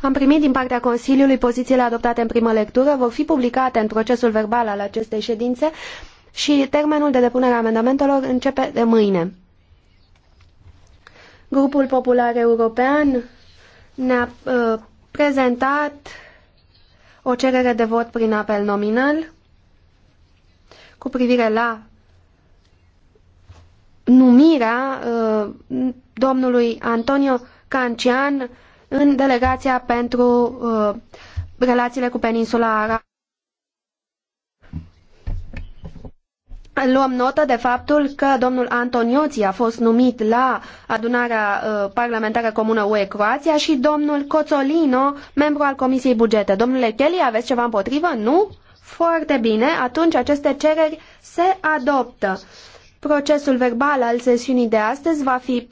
Am primit din partea Consiliului pozițiile adoptate în primă lectură, vor fi publicate în procesul verbal al acestei ședințe și termenul de depunere a amendamentelor începe de mâine. Grupul Popular European ne-a uh, prezentat o cerere de vot prin apel nominal cu privire la numirea uh, domnului Antonio Cancian în delegația pentru uh, relațiile cu peninsula arabă. Luăm notă de faptul că domnul Antonioți a fost numit la adunarea uh, parlamentară comună UE Croația și domnul Coțolino, membru al Comisiei Bugete. Domnule Kelly, aveți ceva împotrivă? Nu? Foarte bine, atunci aceste cereri se adoptă. Procesul verbal al sesiunii de astăzi va fi